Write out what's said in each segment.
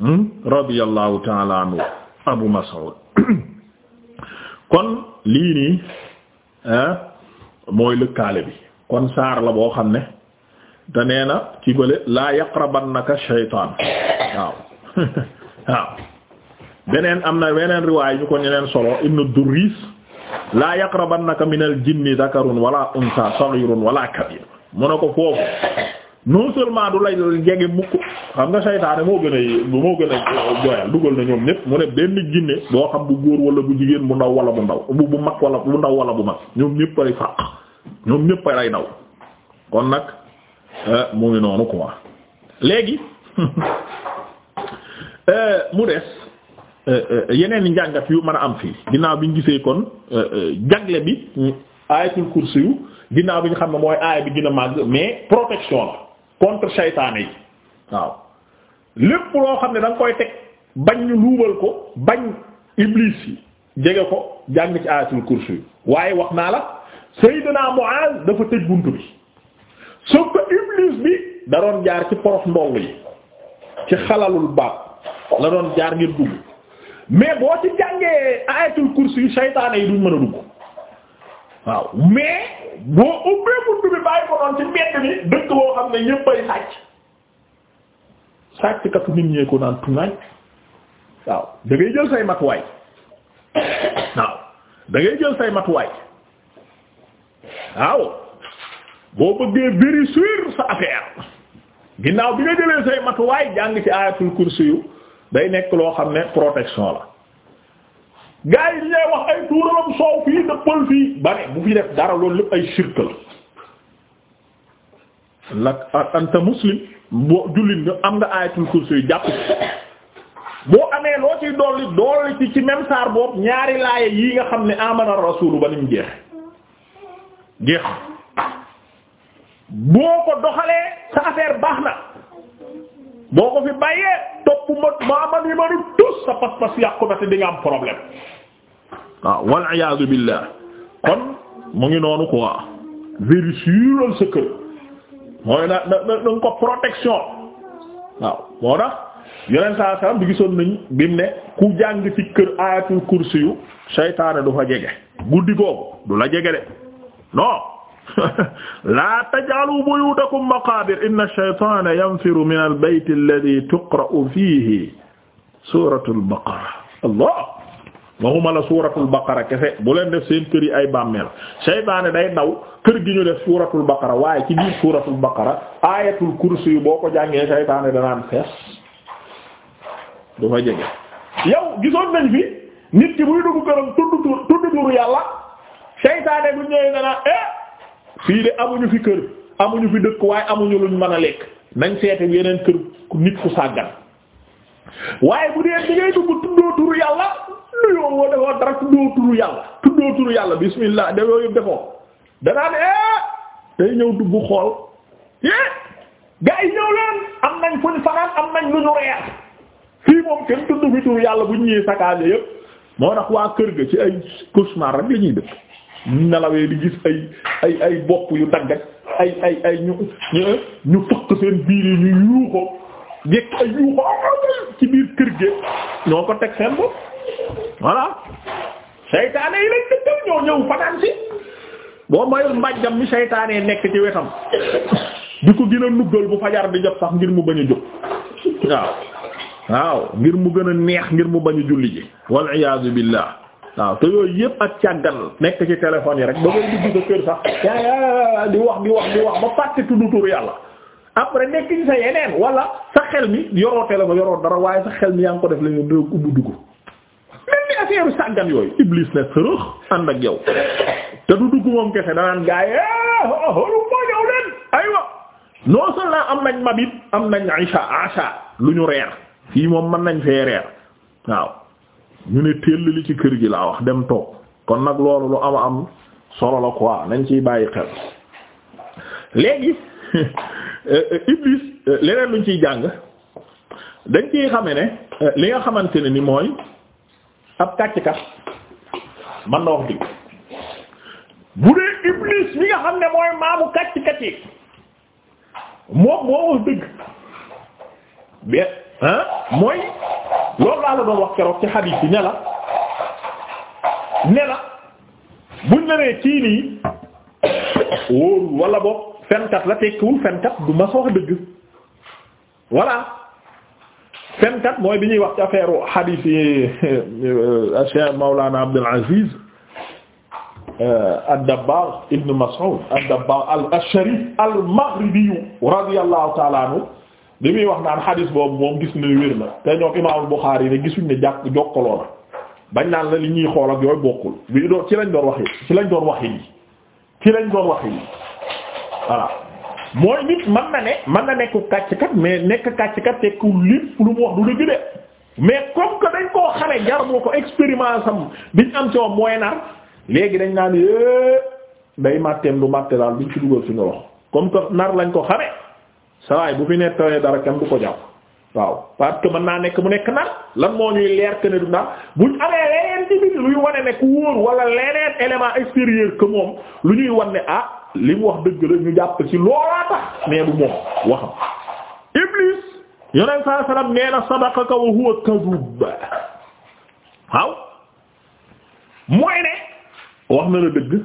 Hmm? radiyallahu ta'ala anhu Abu Mas'ud kon lii nii eh, mooy lëkkaale bi kon saar la boo xam ne te nee na ci bële laa yaqrabannaka shaytaan waaw waaw beneen am na weneen riwaay ñu ko ñeneen solo ibnu Durris laa yaqrabannaka minal jinni dakarun wala unsa saghirun wala kabir mu ne ko foofu non seulement du lay jege mukk xam nga saytaane moo gën a moo gën a joyal dugal na ñoom ñépp mu ne benn jinne boo xam bu góor wala bu jigéen bu ndaw wala bu ndaw bu bu mag wala bu ndaw wala bu mag ñoom ñépp ay fàq ñoom ñépp ay daw kon nag euh, mu ngi noonu quoi léegi euh, mu des euh, yeneen i njàngat yu mën a am fii ginnaaw bi ñu gisee kon jagle bi aayatul kursi yu ginnaaw bi ñu xam ne mooy aaya bi gën a màgg mais protection la contre seytaane yi waaw lépp loo xam ne da koy teg bañ ñu luubal ko bañ iblis yi jege ko jàng ci aayatul kursi yi waaye wax naa la Seydina Muaz dafa tëj buntu bi soo ko iblis bi da doon jaar ci porof ndoll yi ci xalalul baax la doon jaar ngir dugg mais boo ci jàngee aayatul kursi yi seytaane yi duñ mën a dugg waaw mais boo ubbee bunt bi bàyyi ko noonu ci mbedd mi dëkk boo xam ne ñépp ay sàcc sàcc katu nit ñee ko naan tuŋaañ waaw da jël say matuwaay waaw da ngay jël say matuwaay waaw boo bëggee vérifier sa affaire ginnaaw bi nga jëlee say matuwaay jàng ci ayatul kursi yu day nekk loo xam ne protection la gaa yi ñuy wax ay tuuralam soow fii dëppal fii ba bu fi def dara loolu lépp ay shirk la lak anta muslim jullit nga am nga ayatul kursi yu jàpp boo amee loo ciy dolli dolli ci ci même saar boobu ñaari laaya yi nga xam ne amana rasulu ba nim jeex jeex boo ko doxalee sa affaire baax na boo ko fi bàyyee topp ma man yi manu tus sa pas-pas yàqu na te di am problème waaw ah, wal iyaadu billah kon mu ngi noonu quoi vérifier sa kër mooy na na na nga ko protection waaw moo tax yeneen saa salaam bi gisoon nañ bimu ne ku jàng ci kër ayatul kursi yu seytaane du fa jege guddi googu du la jege de non laa taj'aluu buyuutakum maqaabir inna ash-shaytaana yanfiru min al-bayti alladhii tuqra'u fiihi suuratul baqara allah waxuma la suuratul baqara kese bu leen def seen kër yi ay bàmmeel seytaane day daw kër gi ñu def suuratul baqara waaye ci kursi yu boo ko jàngee seytaane danaan fees du fa jege yow gisoon nañ fi nit ki buy dugg këram fii de amuñu fi kër amuñu fi dëkk waaye amuñu luñ mën a lekk nañ seete yeneen kër nit ku sàggan waaye bu dee bi ngay dugg tuddoo turu yàlla nuyoo woo defoo dara tuddoo turu yàlla bismillah da yooyu defoo danaa ne eh day ñëw dugg xool eh gaa yi ñëw leen am nañ fuñ fanaan am nañ lu reer fii moom kenn tudd fi turu yàlla bu ñëwee sakaale yépp moo tax waa kër ga ci ay cauchemar rek la dëkk nelawee di gis ay ay bopp yu daggat ay ay ay ñu ñu fëkk seen biir yi ñu yuuxoo yekk ay yuuxoo ah, ah, ah, ci biir kër gi ñoo ko teg seen bopp voilà seytaane yi lañ dëkkal ñoo ñëw fanaan si boo mayul mbàjjam mi seytaanee nekk ci wetam di ko gën a nuggal bu fajar di jot sax ngir mu bañ a jóg waaw waaw ngir mu gën a neex ngir mu bañ a julli ji wal iyaazu billah waaw te yooyu yëpp ak càggan nekk ci téléphone yi rek da ngay dugg sa kër sax yaa di wax di wax di wax ba fàtte tudd tur yàlla après nekk ci sa yeneen wala sa xel mi yoroo téléphone yoroo dara waaye sa xel mi yaa ngi ko def la ñu doo ubbi dugg mel ni affaire sàggan yooyu iblis ne sërëx ànd ak yow te du dugg moom kese danaan gaa yi holu eh, oh, oh, oh, moo ñëw leen aywa non seulement am nañ mabit am nañ isha asha lu ñu reer fii moom mën nañ fee reer waaw ñu ne teel li ci kër gi laa wax dem toog kon nag loolu lu am am solo la quoi nañ ciy bàyyi xel léegi euh, euh, Iblis euh, leneen luñ ciy jàng dañ ciy xame ne li nga xamante ne ni mooy ab kàcckat man na wax dëgg bu dee Iblis mi nga xam ne mooy maamu kàcckat yi moom moo wax dëgg bien ah mooy. loolu laa la doon wax keroog ci xadiis bi bu la ne la buñ la kii wala boog fenkat la tekkiwul fenkat du ma wax dëgg voilà fenkat mooy bi ñuy wax ci affaire xadiis yi euh, Cheikh Mawlana Abdul Aziz euh, dabbar ibn Mas'ud ad-Dabbar al-Ashari al-Maghribi radiyallahu ta'ala anhu li muy wax naan xadis boobu moom gis ni wér na te ñoom imaamul Buxaari yi ne gisuñ ne jàkk jokkaloo na bañ naan la li ñuy xool ak yooyu bokkul bi doon ci lañ doon waxi ci lañ doon waxi yi ci lañ doon wax yi voilà mooy nit mën ne mën na mais nekk kàcckat tekku lépp lu mu wax du mais comme que dañ koo xame jar moo ko expérience am biñ am ci moom mooy nar léegi dañ naan day màtteem du màtte daal biñ ci dugal suñu wax comme que nar lañ ko xame sawaay bu fi nettalee dara kenn du ko jàpp waaw parce que mën naa nekk mu nekk nar lan moo ñuy leer que ne du nar buñ amee leneen ci biir luy wane ne ku wóor wala leneen élément extérieur que moom lu ñuy wan ne ah li mu wax dëgg la ñu jàpp ci loolaa tax mais du moom waxam iblis yonent saa sallam nee na sadaqaka wa huwa kadhub waaw mooy ne wax na la dëgg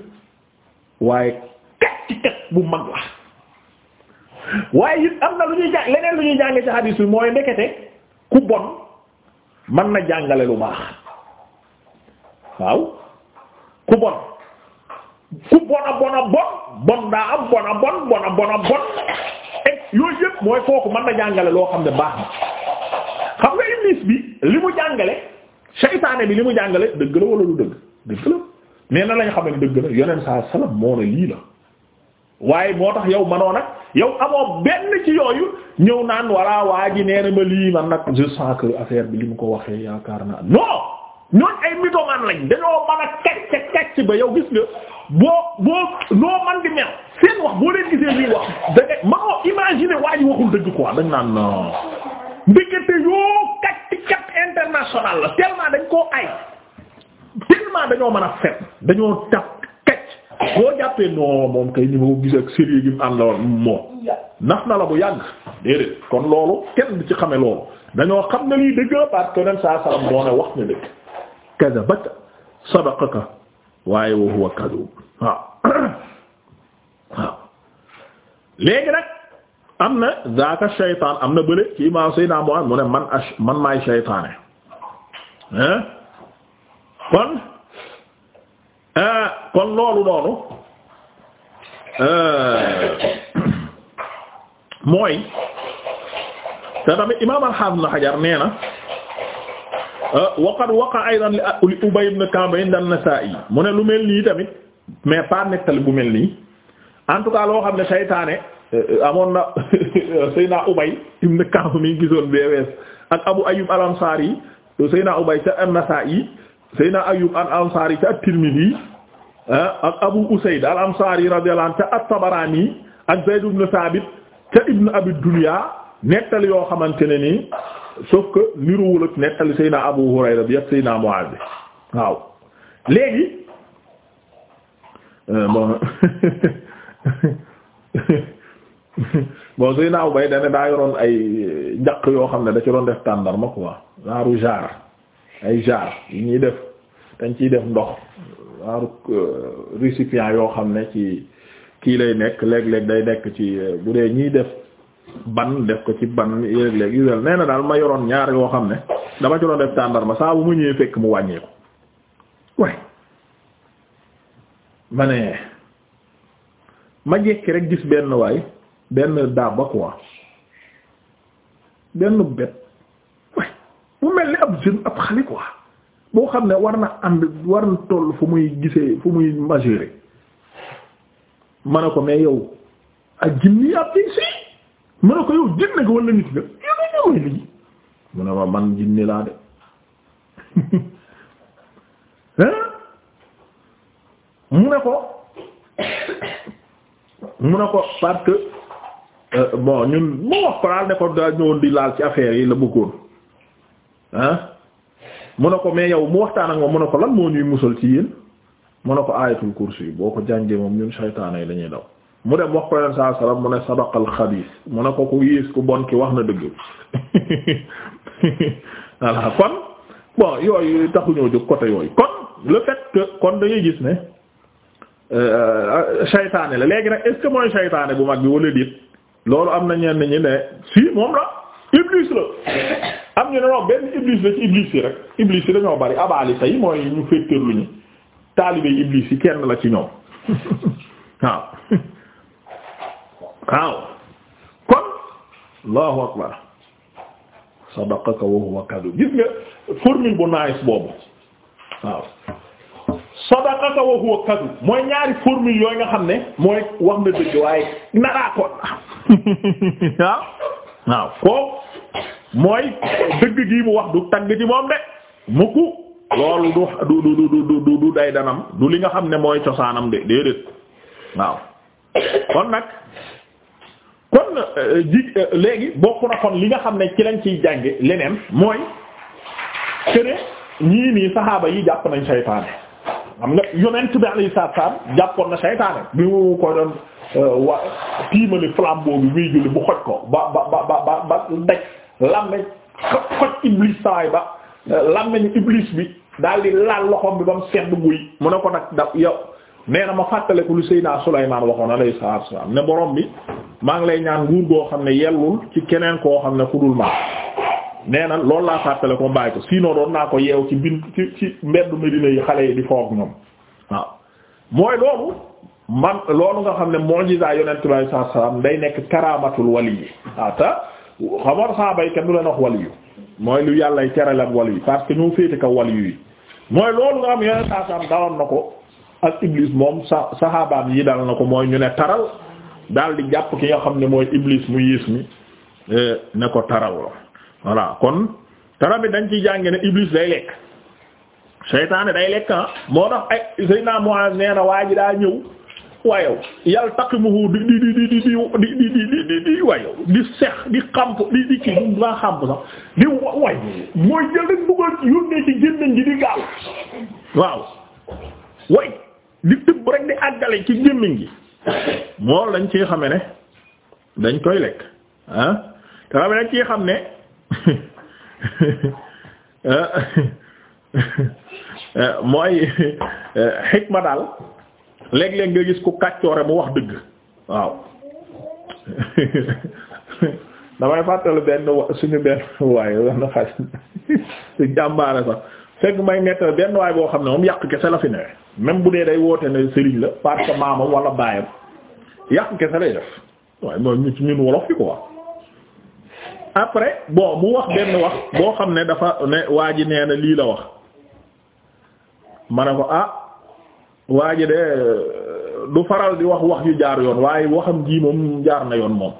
waaye kat ci kat bu mag la waaye it am na lu ñuy jàng leneen lu ñuy jànge ci hadis bi mooy ndekete ku bon mën na jàngale lu baax waaw ku bon ku bon a bon a bon bon daa am bon a bon bon a bon a bon et yooyu yëpp mooy kooku mën na jàngale loo xam ne baax na xam nga iblis bi li mu jàngale seytaane bi li mu jàngale dëgg la wala lu dëgg dëgg la mais na lañ xam ne dëgg la yoneen saa salaam moo ne lii la waaye moo tax yow manoo nag yow amoo benn ci yooyu ñëw naan walla waa ji nee na ma lii man nag affaire bi li ko waxee yaakaar naa non ñooñ ay mythomane lañ dañoo mën a kacc kacc ba yow gis nga boo boo noo man di mel seen wax boo leen gisee ñuy wax da nga manoo imaginer waa ji waxul dëgg quoi dañ naan non ndekete yoo kacc kat international la dañ koo ay tellement dañoo mën a fet dañoo tap boo jàppee non moom kay ni ma gis ak sérieux gi mu ànd la woon moom nax bu yàgg déedéet kon loolu kenn du ci xame loolu dañoo xam ne lii dëgg la parce que nen saa salaam moo ne wax na dëgg kadabaka sadaqaka waaye wa huwa kadub waaw waaw léegi nag am na zaaka shaytaan am na bële ci imaam Seydina Muhammad mu ne man man maay shaytaane hein Eh, kon loolu noonu eh, mooy te tamit imaam al-Hafiz Ibn Hajar nee na eh, aydan li Ubay ibn Ka'b inda an-Nasa'i mu ne lu mel nii tamit mais pas nettali bu mel nii en tout cas loo xam ne saytaane amoon na Seyna Ubay ibn Ka'b mi gisoon bee wees ak Abu Ayyub al-Ansari Seyna Ubay ca an-Nasa'i Seyna Ayyub al Ansari ca at-Tirmidhi ah, ak Abu Usayd al Ansari radiyallahu anhu ca at-Tabarani ak Zayd ibn Thabit nettali yoo xamante ne nii sauf que niruwul ak nettali Seyna Abu Hurayra bi ak Seyna Muaz bi waaw léegi eh, bon Seyna Ubay dana daa yoroon ay njaq yoo xam ne da ci doon def tàndar ma quoi waaru jaar ay jaar yi def dañ ciy def ndox waaru euh, récipient yoo xam ne ci kii lay nekk léeg-léeg day nekk ci euh, bu dee ñiy def ban def ko ci ban léeg-léeg yu mel daal ma yoroon ñaar yoo xam ne dama ci doon def tàndarma saa mu ñëwee fekk mu wàññeeku waaye ma ne ma jekki rek gis benn waay benn daaba quoi benn bet jeune ab xale quoi boo xam ne war na ànd war na toll fu muy gisee fu muy majeur ma ne ko mais yow ak jinni ab di si ma ne ko yow jinne nga wala nit nga yow nga mu ne ma man jinne laa de mu ne ko mu ne ko parce que euh, bon ñun mu wax ko daal ne ko daa ñëwoon di laal ci affaire yi la bëggoon ah mu ne ko mais yow mu waxtaan ak moom mu ne ko lan moo ñuy musal ci yéen mu ne ko aayatul kursi boo ko jàngee moom ñun saytaana yi dañuy daw mu dem wax ko leen saa salaam mu ne sadaqal xabiis mu ne ko ku yées ku bon ki wax na dëgg voilà kon bon yooyu taxuñoo jóg côté yooyu kon le fait que kon da gis ne euh, saytaane la léegi nag est mooy saytaane bu mag bi wala déet loolu am na ñenn ñi ne si moom la iblis la. am ñu ne non benn iblis la ci iblis yi rek iblis yi dañoo bari abaali tey mooy ñu féeteerlu ñu taalibe iblis yi kenn la ci ñoom waaw waaw kon allahu akbar sadaqaka wa huwa kadhib gis nga formule bu nice boobu waaw sadaqaka wa huwa kadhib mooy ñaari formule yooyu nga xam ne mooy wax na dëgg waaye naraa ko ko mooy dëgg gii mu wax du tagg di moom de mukk loolu du du du day danam du li nga xam ne mooy cosaanam de déedéet waaw kon nag kon euh, ji euh, léegi bokk na kon li nga xam ne ci lañ ciy jànge leneen mooy këne ñii nii saxaaba yi jàpp nañ saytaane xam nga yonent bi alayhi salaam jàppoon na saytaane bi mu ko doon euh, tiimali flambeau bi muy julli bu xoj ko ba ba ba ba ba daj làmmeñ xoj iblis sawaay ba euh, làmmeñu iblis bi daal di laal loxoom bi ba mu sedd guy mu ne ko nag da yow nee na ma fàttaleku lu Seydina Sulaymaan waxoon alayhi salaatu wa salaam ne borom bi maa ngi lay ñaan nguur goo xam ne yellul ci keneen koo xam ne ku dul maa nee na loolu laa fàttale ko bàyyi ko sinon doon naa ko yeew ci bin ci ci mbeddu yi xale yi di foog ñoom waaw mooy loolu man loolu nga xam ne mu'jiza yonent bi alayhi salaatu wa day nekk karaamatul wali xamoon saabay kenn du leen wax waliyu mooy lu yàllay terale ak waliyu parce que ñoo féete ka waliyu yi mooy loolu nga xam yeneen saa saam daloon na ko ak iblis moom sa saxaabaam yi dal na ko mooy ñu ne taral daal di jàpp ki nga xam ne mooy iblis mu yiis mi e, ne ko taral la voilà kon taral bi dañ ciy jànge ne iblis day lekk seytaane day lekk ah moo tax ay Seydina Muaz nee na waa ji daa ñëw wayow yaltaqimuhu di di di di di di di di di di wayow di sex di xamp di di kii du xamp sax di way mooy jël ci gi di gaaw waaw way di tëb rek ci gémmiñ gi moo lañ ci xame ne dañ koy lekk ah te xame xam ne mooy ma daal léeg-léeg nga gis ku kàccoore mu wax dëgg waaw damay fàttali benn suñu benn waaye wax na xas jàmbaare sax fekk may nettal benn waay boo xam ne moom yàq kese la fi newee même bu dee day woote ne sëriñ la parce que maamam wala yàq kese lay def waaye mooy ñu ci ñun wolof yi quoi après bon mu wax benn wax boo xam ne dafa ne waa ji nee na lii la wax ma ne ko ah. waa ji de du faral di wax wax yu jaar yoon waaye waxam ji moom jaar na yoon moom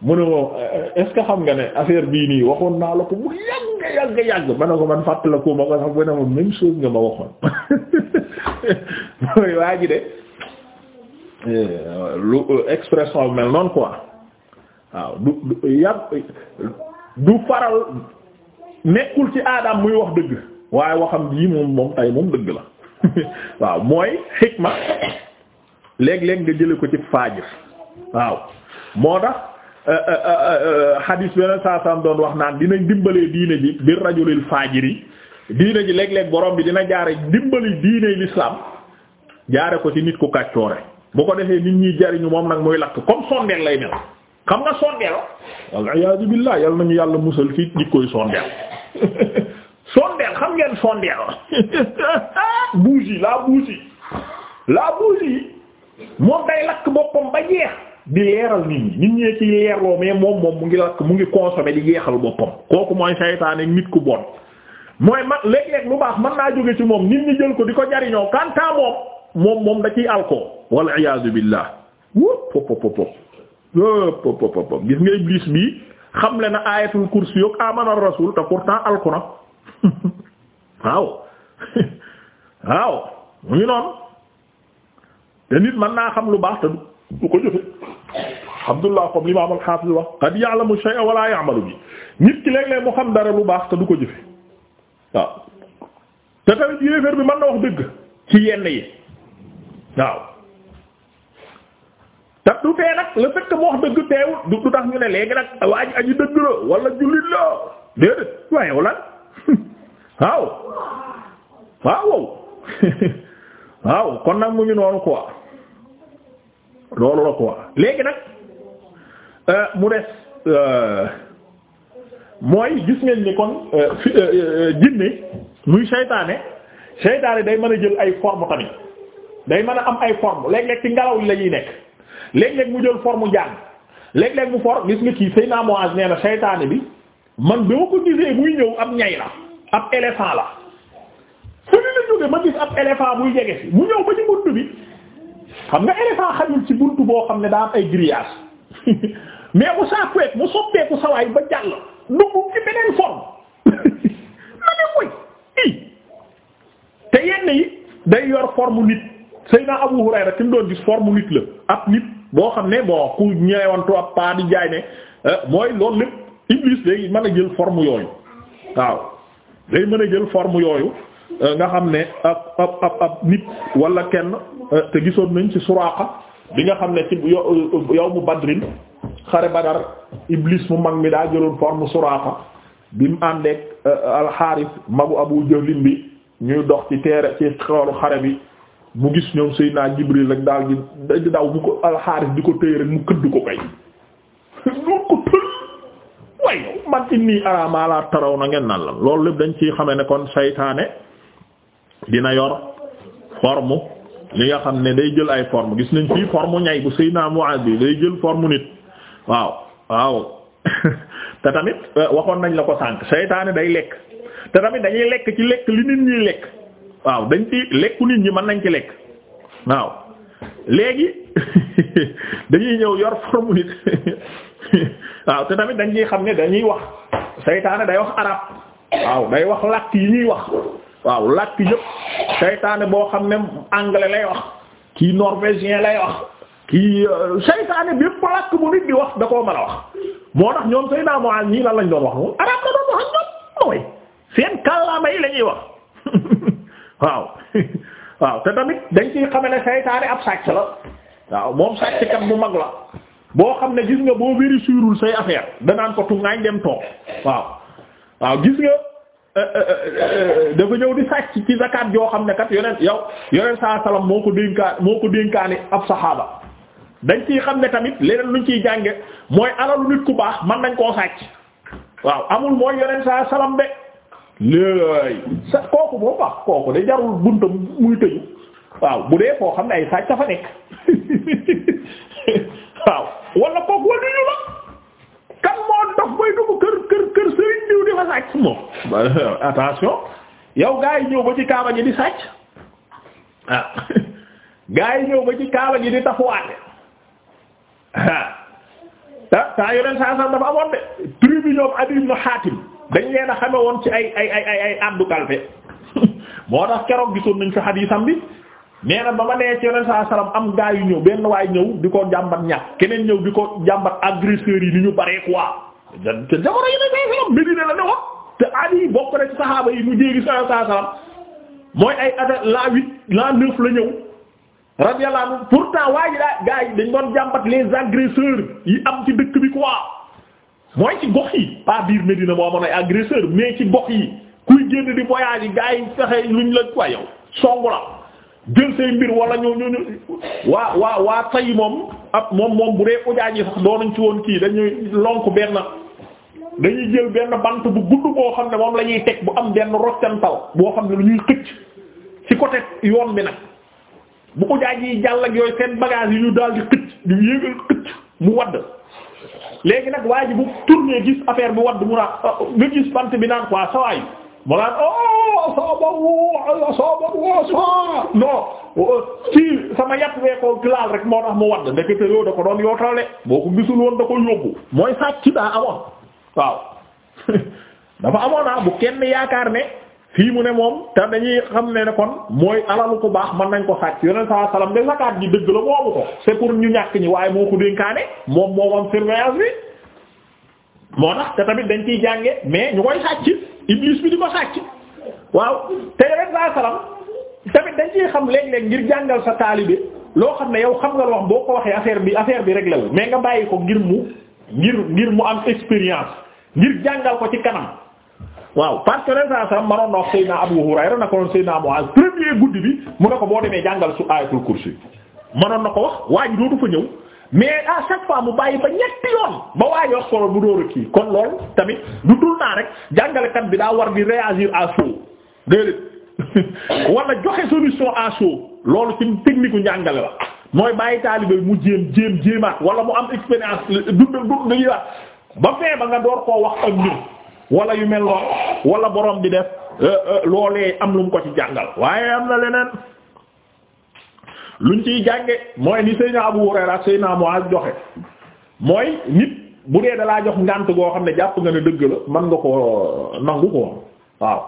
mu ne moom est xam nga ne affaire bii nii waxoon naa la ko bu yàgg yàgg yàgg ma ne ko man fàttaliku ma ko sax bu ne moom même chose nga ma waxoon mooy eh, quoi waaw du du yàgg du faral wax dëgg waaye waxam ji moom moom tey moom dëgg la. waaw mooy xikma léeg-léeg nga jële ko ci faajir waaw moo tax xadiis beneen saasam doon wax naan dinañ dimbalee diine bi rajulil faajir yi diine ji léeg-léeg borom bi dina jaare dimbali diine l'islam jaare ko ci nit ku kàccoore bu ko defee nit ñi jariñu moom nag mooy lakk comme sondeel lay mel xam nga sondeel wal iyaadu billaah yal nañu yàlla musal ci nit koy sondeel xam ngeen sondeel bougie la bougie la bougie moom day lakk boppam ba jeex di leeral nit ñi nit ñee ci leerloo mais moom mu ngi lakk mu ngi consommer di jeexal boppam kooku mooy saytaane nit ku bon mooy man léeg-léeg lu baax mën naa jóge ci moom nit ñi jël ko di ko jariñoo kantaa moom moom moom da ciy alcool wal iyaazu billah wóp pop pop pop pop gis nga iblis bi xamle na ayatul kursi yoog amana rasul te pourtant alku na waaw waaw mu ngi noonu te nit mën naa xam lu baax te du ko jëfe Abdullah comme l'imam al-Hafiz wax qad ya'lamu shay'an wa la ya'malu bi nit ki léeg xam dara lu baax te du ko jëfe waaw te tamit yéeféer bi mën na wax dëgg ci yenn yi waaw te du tee nag le fait mu wax dëgg teewul du tax ñu ne léegi nag waa ji aji dëgg la wala jullit la déedéet waaye wala waaw waaw waaw kon nag mu ngi noonu quoi loolu la quoi léegi nag euh, mu des euh, mooy gis ngeen ni kon euh, fi jinne muy seytaane seytaane day mën a jël ay forme tamit day mën a am ay forme léeg-léeg ci ngelaw li la ñuy nekk léeg-léeg mu jël forme jàng léeg-léeg mu for gis nga kii Seydina Muaz nee na seytaane bi man dama ko gisee muy ñëw am ñay la ab éléphant la fu buy jege si mu ñëw ba ci bunt bi xam nga éléphant xajul ci bunt boo xam ne daa am ay grillage mais mu saakuweek mu soppeeku sawaay ba jàll duggu ci beneen forme ma ne koy i te yenn yi day yor forme nit Seydina Abu Hurayra ki mu doon gis forme nit la ab nit boo xam ne bon ku ñeewantu ab paa di jaay ne eh, mooy loolu lépp Iblis day mën a jël forme yooyu waaw day mën a jël forme yooyu euh, nga xam ne ab ab ab nit wala kenn euh, te gisoon nañ ci Suraaqa bi nga xam ne ci euh, yawmu Badrin xare Badar Iblis mu mag mi daa jëloon forme Suraaqa bi mu àndeek alxaaris magu Abu Jahlin bi ñuy dox ci teere ci xoolu xare bi mu gis ñoom Seydina Jibril rek daal di daw bu ko alxaaris di ko téye rek mu këdd ko kay. way man inni ara ma taraw na ngeen naan la loolu lépp dañ ciy xame ne kon saytaane dina yor forme li nga xam ne day jël ay forme gis nañ fii forme ñay bu Seydina Muaz bi day jël forme nit waaw waaw te tamit euh, waxoon nañ la ko sànq seytaane day lekk te tamit dañuy lekk ci lekk li nit ñuy lekk waaw dañ ci lekku nit ñi mën nañ ci lekk waaw léegi dañuy ñëw yor forme nit waaw te tamit dañ ciy xam ne dañuy wax saytaane day wax arab waaw day wax làkk yi ñuy wax waaw làkk yëpp saytaane boo xam ne anglais lay wax kii norvégien lay wax kii euh, saytaane bépp làkk bu nit di wax da koo mën a wax moo tax ñoom Seydina Mu'adh ñii lan lañ doon wax moom arab la doon wax ak ah la ñuy wax waaw waaw te tamit dañ bu mag la boo xam ne gis nga boo vérifiéwul say affaire danaan ko tungaañ dem toog waaw waaw gis nga euh, euh, euh, dafa ñëw di sàcc ci zakat yoo xam ne kat yoneen yow yoneen saa salaam moo ko dénkaa moo ko dénkaane ab saxaaba dañ ciy xam ne tamit leneen luñ ciy jànge mooy alalu nit ku baax man nañ koo sàcc waaw amul mooy yoneen saa salaam de sa kooku boo baax kooku de jarul buntam muy tëju waaw bu dee foo xam ne ay sàcc dafa nekk waaw wala kooku wàllu ñu la kan moo dox bay dugg kër kër kër diw di fa sàcc moom attention yow gaa yi ñëw ba ci kaaba ji di sàcc ah. gaa yi ñëw ba ci kaaba ji di taxawaate ah ta ah, ta yoneen saa sax dafa amoon de tribu ñoom Adiy dañ leen a xame woon ci ay ay ay ay ay addu moo tax keroog gisoon nañ fi xadiisam bi. nee na ba ma nee ci saa salaam am gaa yu ñëw benn waay ñëw di ko jàmbat ñàkk keneen ñëw di ko jàmbat agresseurs yi ni ñu baree quoi te jamono yonent saa salaam Medina la ne wax te Ali bokk na ci saxaaba yi mu jéegi saa salaam mooy ay at la huit la neuf la ñëw radiyallahu anhu pourtant waa daa gaa yi dañ doon jàmbat les agresseurs yi am ci dëkk bi quoi mooy ci gox yi pas biir Medina moo amoon ay agresseurs mais ci gox yi kuy génn di voyage yi fexe luñ yow songu jël say mbir wala ñoo ñoo waa waa waa tay moom ab moom moom bu dee ujaaj yi sax doonuñ ci woon kii dañuy lonk benn dañuy jël benn bant bu gudd boo xam ne moom lañuy teg bu am benn roccantal boo xam ne lu ñuy xëcc ci côté yoon bi nag bu ujaaj yi jàll ak yooyu seen bagage yi ñu daal di xëcc ñu yéegal xëcc mu wadd léegi nag waa ji bu tourner gis affaire bi wadd mu naa nga gis bant bi naan quoi sawaay mu naan oh asaabahu asaabahu asaa non ci sama yàtt wee ko laal rek moo tax mu wadd ndekete yoo da ko doon yootale boo ko gisul woon da ko yóbbu mooy sàcc daa amoon waaw dafa amoon ah bu kenn yaakaar ne fii mu ne moom te dañuy xam ne ne kon mooy alalu ku baax mën nañ ko sàcc yoneen saa salaam de zakaat ji dëgg la moomu ko c'est ñu ñàkk ñi waaye moo ko dénkaane moom moom am surveillance bi moo tax te tamit dañ ciy jànge mais ñu koy iblis bi di ko sàcc waaw te rek laa salam tamit dañ ciy xam léeg-léeg ngir jàngal sa taalibe loo xam ne yow xam nga wax boo ko waxee affaire bi affaire bi rek law mais nga bàyyi ko ngir mu ngir ngir mu am expérience ngir jàngal ko ci kanam waaw parce que saa salam manoon na wax Seydina Abu Hurayra na ko noon Seydina Muaz premier guddi bi mu ne ko boo demee jàngal su aayatul kursi manoon na ko wax waa ji dootu fa ñëw mais à chaque fois mu bàyyi ba ñetti yoon ba waaye wax solo bu dóor kii kon lool tamit du tul naa rek jàngalekat bi daa war di réagir à chaud déedéet wala joxe solution à chaud loolu ci technique u jàngale la mooy bàyyi taalibe mu jéem jéem jéemaat wala mu am expérience dundal dund yi la ba fee ba nga door koo wax ak mbir wala yu mel noonu wala borom bi def euh, euh, loolee am lu mu ko ci jàngal waaye am na leneen. luñ ciy jànge mooy ni Seydina Abu Hurayra Seydina Muaz joxe mooy nit bu dee dalaa jox ngànt goo xam ne jàpp nga ne dëgg la mën nga ko nangu ko waaw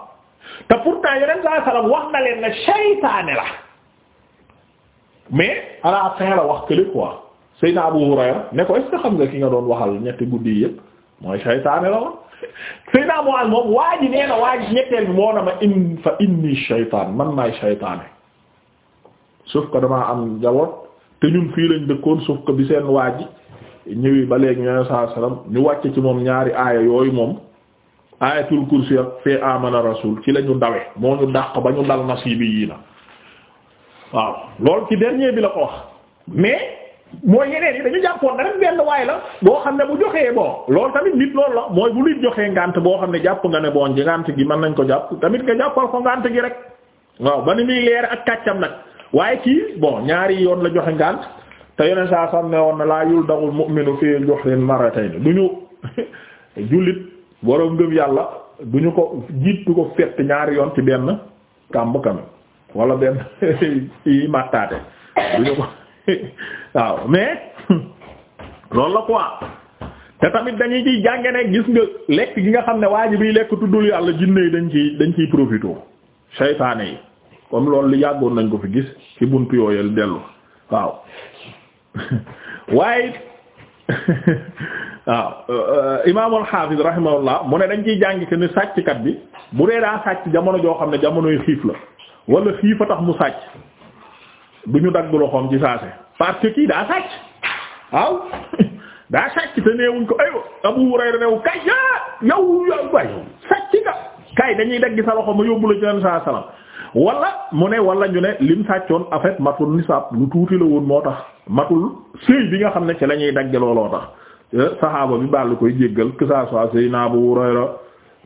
te pourtant yeneen saa salaam wax na leen ne seytaane la mais à la fin wax que le quoi Seydina Abu Hurayra ne ko est-ce que xam nga ki nga doon waxal ñetti guddi yëpp mooy seytaane la woon Seydina Muaz moom waa nee na waa ñetteel bi moo na ma in fa inni seytaan man maay seytaane suuf ko damaa am njaboot te ñun fii lañ dëkkoon sauf que bi seen waaj ñëwi ba léegi ñoo saa salaam ñu wàcce ci moom ñaari aaya yooyu moom aayatul kursi ak fee amana rasul ci la ñu dawe moo ñu dàq ba ñu dal nasiibi yii na waaw loolu ci dernier bi la ko wax mais mooy yeneen yi dañu jàppoon na rek benn waay la boo xam ne bu joxee bon loolu tamit nit loolu la mooy bu nit joxee ngànt boo xam ne jàpp nga ne bon ji gi mën nañ ko jàpp tamit nga jàppal ko ngànt gi rek waaw ba ni muy leer ak kàccam waaye kii bon ñaari yoon la joxe ngànt te yeneen saa sam ne woon na laa yul daxul mu'minu fi juhrin marratayn du ñu jullit borom ngëm yàlla du ñu ko jiit du ko fett ñaari yoon ci benn kàmb kami wala benn yi màttaate du ko waaw mais loolu la quoi te tamit dañuy ciy jànge ne gis nga lekk gi nga xam ne waa ji biy lekk tuddul yàlla jinne yi dañ ciy dañ ciy profité seytaane yi comme loolu li yàggoon nañ ko fi gis ci buntu yooyel dellu waaw waaye waaw euh, imaamul xaafis rahimahullah mu ne dañ ciy jàng que ni sàcckat bi bu dee daa sàcc jamono joo xam ne jamonoy xiif la wala xiif a tax mu sàcc du ñu dagg loxoom ci saase parce que kii daa sàcc waaw daa sàcc te neewuñ ko ayo Abu Hurayra neew kay yaa yow yow sàcc nga kay dañuy dagg sa loxo ma yóbbu la ci leen saa salaam walla mu ne wala ñu ne lim sàccoon en fait matul nisaab lu tuuti la woon moo tax matul sëy bi nga xam ne ci la ñuy dagge looloo tax eh, saxaaba bi baal koy jéggal que ça soit Seydina Abu Hurayra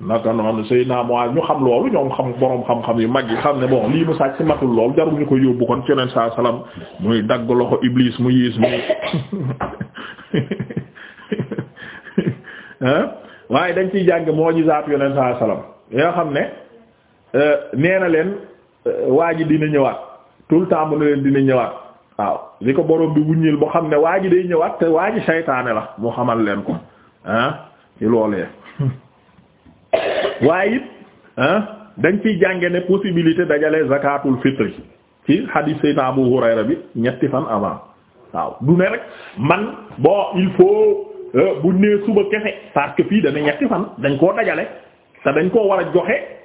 naka noonu Seydina Muaaz ñu xam loolu ñoom xam boroom xam-xam yu mag yi xam ne boo lii mu sàcc matul lool jarul ñu ko yóbbu kon ci Yonent saa salaam muy dagg loxo Iblis mu yiis mu eh? waaye dañ ciy jàng moo gisaat Yonent saa salaam yoo xam ne. Euh, nee leen euh, waa ji dina ñëwaat tout le temps mu ne leen dina ñëwaat waaw li ko borom bi wuññil boo xam ne waa ji day ñëwaat te waa ji saytaane la moo xamal leen ko ah ci loolee waaye it ah dañ ciy jànge ne possibilité dajale zakatul fitri ci hadith sayna Abu Hurayra bi ñetti fan avant waaw du ne rek man bon il faut euh, bu nee suba kese parce fii dana ñetti fan dañ koo dajale te dañ koo war a joxe.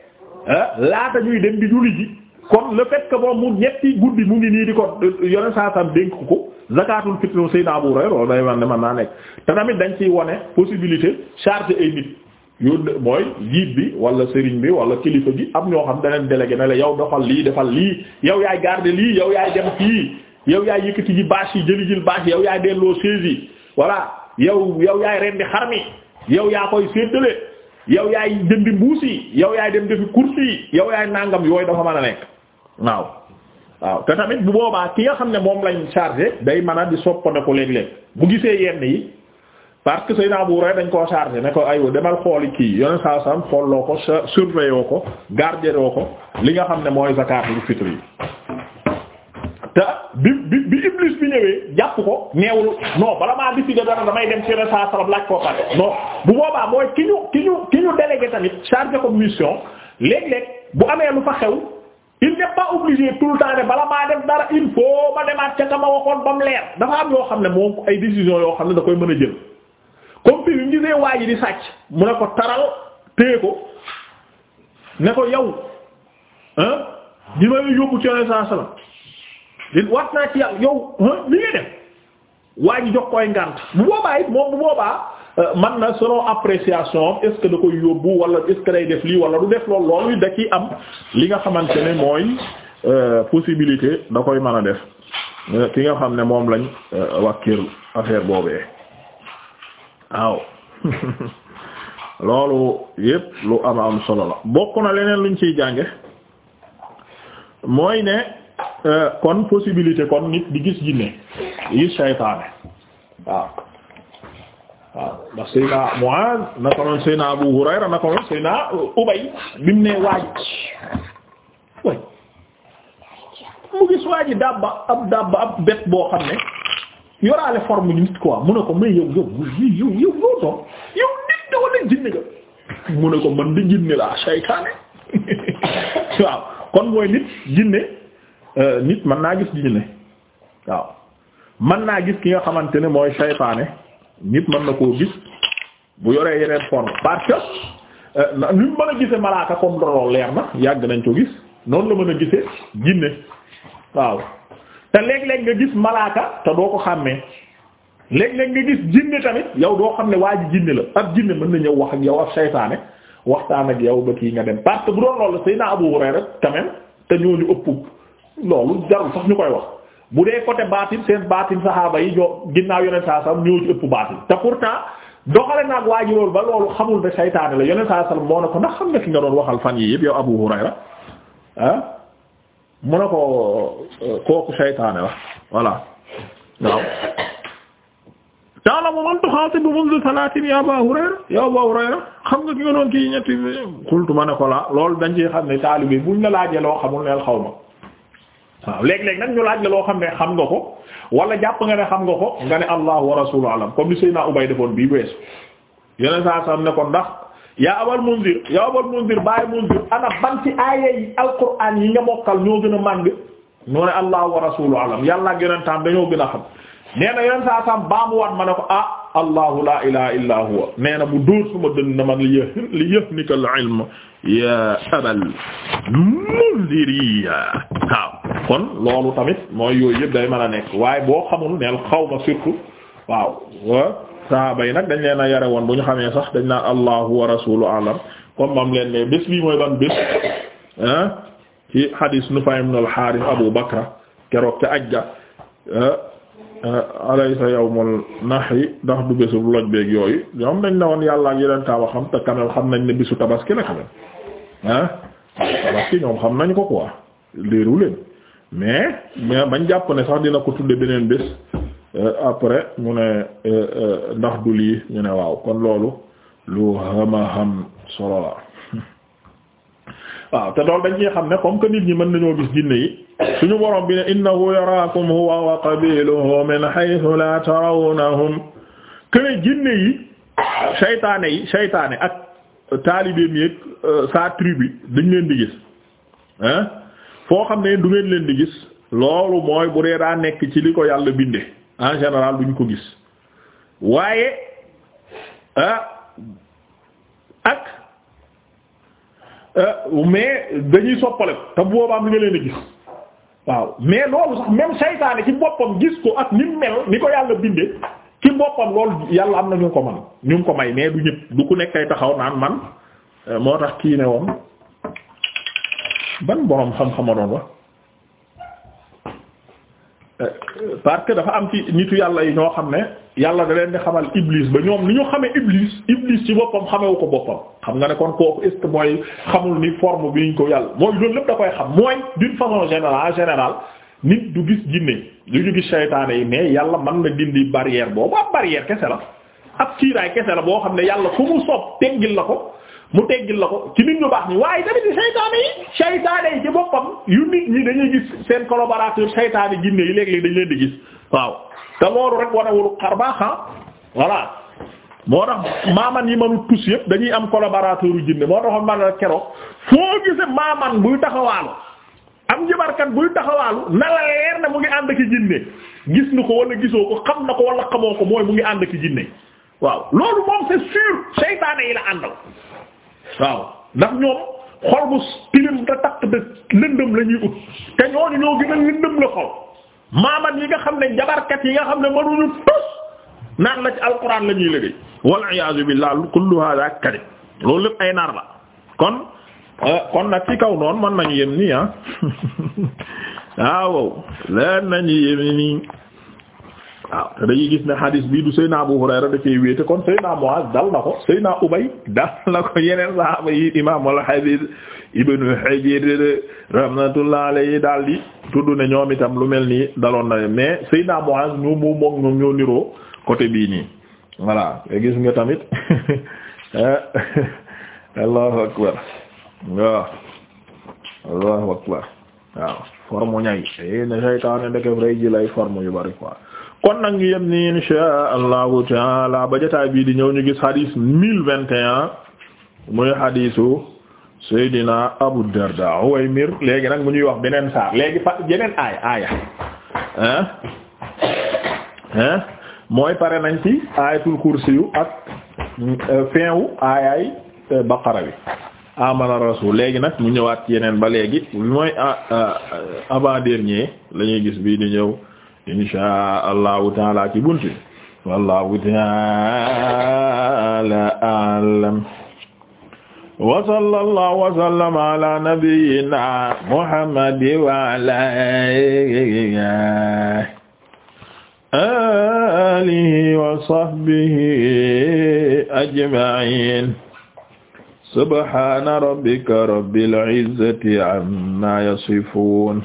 laata ñuy dem di julli ji kon le fait que moom mu ñetti guddi mu ngi nii di ko yone saasam dénk ko zakatul fitr sayna Abu Hurayra loolu day man ne man naa nekk te tamit dañ ciy wone possibilité charger ay nit yónne mooy jiit bi walla sëriñ bi wala kilifa bi am ñoo xam daneen délégué na la yow doxal lii defal lii yow yaay garde lii yow yaay dem fii yow yaay yëkkati ji bâche yi jëli jël bâche yow yaay delloo chaise yi voilà yow yow yaay rendi xar mi yow yaa koy séddale yow yaay jëndi mbuus yi yow yaay dem defi course yi yow yaay nangam yooyu dafa mën a nekk waaw waaw te tamit bu boobaa ki nga xam ne moom lañ chargé day mën a di soppaneku léeg-léeg bu gisee yenn yi parce que Seydina Abu Hurayra dañ koo chargé ne ko aywa demal xooli kii yoneen saa sam xolloo ko surveillé ko gardé ko li nga xam ne mooy zakat yu fitr yi bi bi bi iblis bi ñëwee jàpp ko neewul non bala maa décider dara damay dem ci yeneen saa salaam laaj koo pare non bu boobaa mooy ki ñu ki ñu ki ñu délégué tamit chargé comme mission léeg-léeg bu amee lu fa xew il n'est pas obligé tout le temps ne bala maa def dara il faut demaat ca kama waxoon ba mu leer dafa am yoo xam ne moom ay décision yoo xam ne da koy mën a jël comme fii bi ñu gisee waa ji di sàcc mu ne ko taral téye ko ne ko yow ah di may yóbbu ci li wat naa ci yàlla yow li ngay def waa ji jox koy ngànt bu boobaa it moom bu boobaa euh, man na solo appréciation est-ce da koy yóbbu wala est-ce day def lii wala du def loolu da ki am li nga xamante ne mooy euh, possibilité da koy mën a def euh, ki nga xam ne moom lañ wàkkir affaire boobee waaw loolu yépp lu am am solo la bokk na leneen luñ ciy jànge mooy ne Euh, kon possibilité kon nit di gis jinne di gis saytaane waaw waaw ndax Seyna Muaz naka noonu Seyna Abu Hurayra naka noonu Seyna Ubay bi mu ne waaj mu gis waa ji dabba ab dabba ab bet boo xam ne yoraale forme yi nit quoi mu ne ko mais yow yow yow yow yow nit da wala jinne mu ne ko man di jinne laa saytaane waaw kon mooy nit jinne Euh, nit mën naa gis jinne waaw mën naa gis ki nga xamante ne mooy saytaane nit mën na koo gis bu yoree yeneen forme parce que euh, ni mu mën a gise malaaka comme loolu leer na yàgg nañ ko gis noonu la mën a gise jinne waaw te léeg-léeg nga gis malaaka te doo ko xàmmee léeg-léeg nga gis jinne tamit yow doo xam ne waa ji jinne la ab jinne mën na ñëw wax ak yow ab saytaane waxtaan ak yow ba kii nga dem parce que bu doon loolu Seydina Abu Hurayra rek quand te ñooñu ëpp loolu jarul sax ñu koy wax bu dee côté baatin seen baatin saxaaba yi ñoo ginnaaw yonent saa sallam ñoo ci ëpp baatin te pourtant doxale naag waa ji ba loolu xamul ne saytaane la yonent saa sallam moo ne ko ndax xam nga ki nga doon waxal fan yi yëpp yow Abu Hurayra ah mu ne ko euh, la voilà waaw taala bu mundu salaatin ya xam nga ki nga doon kii ñetti xultu ne ko la loolu dañ ci xam ne taalibe buñ la laajee loo xamul neel xaw ma waaw léeg-léeg nag ñu laaj la loo xam ne xam nga ko wala jàpp nga ne xam nga ko nga ne allahu wa rasuluhu alam comme ni Seydina Ubay defoon bii weesu yeneen saa sam ne ndax yaa abal mundir yaa abal mundir bàyyi mundir ana ban ci aaya yi alquran yi nga mokkal ñoo gën a màng ñoo ne allahu wa rasuluhu alam yàlla ak yonentam dañoo gën a xam nee na yeneen saa sam baamuwaat ma ko ah allahu laa ilaha illa huwa nee na mu dóor ma dën na man li yë li ya abal munziri kon loolu tamit mooy yooyu yëpp day mën a nekk waaye boo xamul neel xaw ma surtout waaw saaba yi nag dañ leen a yare woon bu ñu xamee sax dañ naan allahu wa rasulu alam kon mam leen ne bés bii mooy ban bés ah ci hadis Nufay ibn al Abu Bakra keroog ca ajja ah, Eh, alaysa yawmul nahri ndax du bésu loj beeg yooyu ñoom dañ ne woon yàlla ak yeneen taaba xam te quand xam nañ ne bisu tabaski la quand même ah tabaski ñoom xam nañ ko quoi léeru leen mais mais bañ jàpp ne sax dina ko tudde beneen bés eh, après ñu ne eh, ndax du lii ñu ne waaw kon loolu lu hama ham solo la waaw te loolu dañ ci xam ne comme que nit ñi mën nañoo gis jinne yi suñu borom bi na innahu yaraakum huwa wa qabiluhu min haythu la tarawnahum kene jinne yi seytaane yi seytaane ak taalibeem yi euh, sa tribu dañ leen di gis ah foo xam ne du ngeen leen di gis loolu mooy bu dee daa nekk ci li ko yàlla binde en général duñ ko gis waaye ah, ak ah, mais dañuy soppale ko te boobaam li nga leen di gis waaw mais loolu sax même saytaane ci boppam gis ko ak ni mel ni ko yàlla bindee ci boppam loolu yàlla am na ñu ko man ñu ko may mais du ñëpp du ku nekk ay taxaw naan man euh, moo tax kii ne woon ban borom xam-xama doon wax euh, parce que dafa am ci nitu yàlla yi ñoo xam ne yàlla da leen di xamal iblis ba ñoom ni ñu xamee iblis iblis ci boppam xamewu ko boppam xam nga ne kon kooku est ce mooy xamul ni forme bi ñu ko yàlla mooy loolu lépp da koy xam mooy d'une façon générale général nit du gis jinne du ñu gis saytaane yi mais yàlla mën na dindi barrière boobu ab barrière kese la ak kiiraay kese la boo xam ne yàlla fu mu soob teggil la ko mu teggil la ko ci nit ñu baax ñi waaye tamit saytaane yi saytaane yi ci boppam yu nit ñi dañuy gis seen collaborateur saytaane jinne yi léeg-léeg dañ leen di gis waaw te loolu rek wanewul xar baax ah, voilà moo tax maaman yi mënul tus yëpp dañuy am collaborateur yu jinne moo taxoon man la keroog foo gise maaman buy taxawaalu am jëbarkat buy taxawaalu na la leer ne mu ngi ànd ak jinne gis na ko wala gisoo ko xam na ko wala xamoo ko mooy mu ngi ànd ak jinne waaw loolu moom c'est sûr seytaane yi la àndal waaw ndax ñoom xol bu tilim takk de lëndëm la ut te ñooñu ñoo gën a lëndëm la xol maaman yi nga xam ne jabarkat yi nga xam ne mënuñu tos naan la ci alquran la ñuy liggéey wal iyaazu billah kullu hada kadib loolu lépp ay naar la kon euh, kon nag ci kaw noonu mën nañu yem nii ah, ah waaw leen nañu yem nii waaw te dañuy gis ne xadis bii du Seyna Abu Hurayra da cee wéete kon Seyna Muaz dal na ko Seyna Ubay dal na ko yeneen saxaaba yi imaam al hadis ibnu Hajar rahmatullah alayhi daal di tudd ne ñoom itam lu mel nii daloon na mais Seyna Muaz ñoo moom moom ñoom ñoo niroo côté bii nii voilà gis nga tamit allahu akbar waaw allahu akbar waaw forme ñay na seytaane ndeke rey ji lay forme yu bari quoi kon nag ñu yem ni insha allahu taala ba jotaay bii di ñëw ñu gis hadith mille vingt et un muy hadithu Seydina Abu Darda Uwaymir léegi nag mu ñuy wax beneen saar léegi fa yeneen aaya aaya ah mooy pare nañ ci aayatul kursi yu ak euh, fin wu aayaay euh, baqara bi amana rasul léegi nag mu ñëwaat yeneen ba léegi mooy ah, ah, euh, avant dernier la ñuy gis bii di ñëw insha allahu taala ci buntu wallahu taala alam wa sallallahu wa sallama ala nabiyyina muhammadin wa ala alihi wa sahbihi ajma'in subhana rabbika rabbil izzati amma yasifun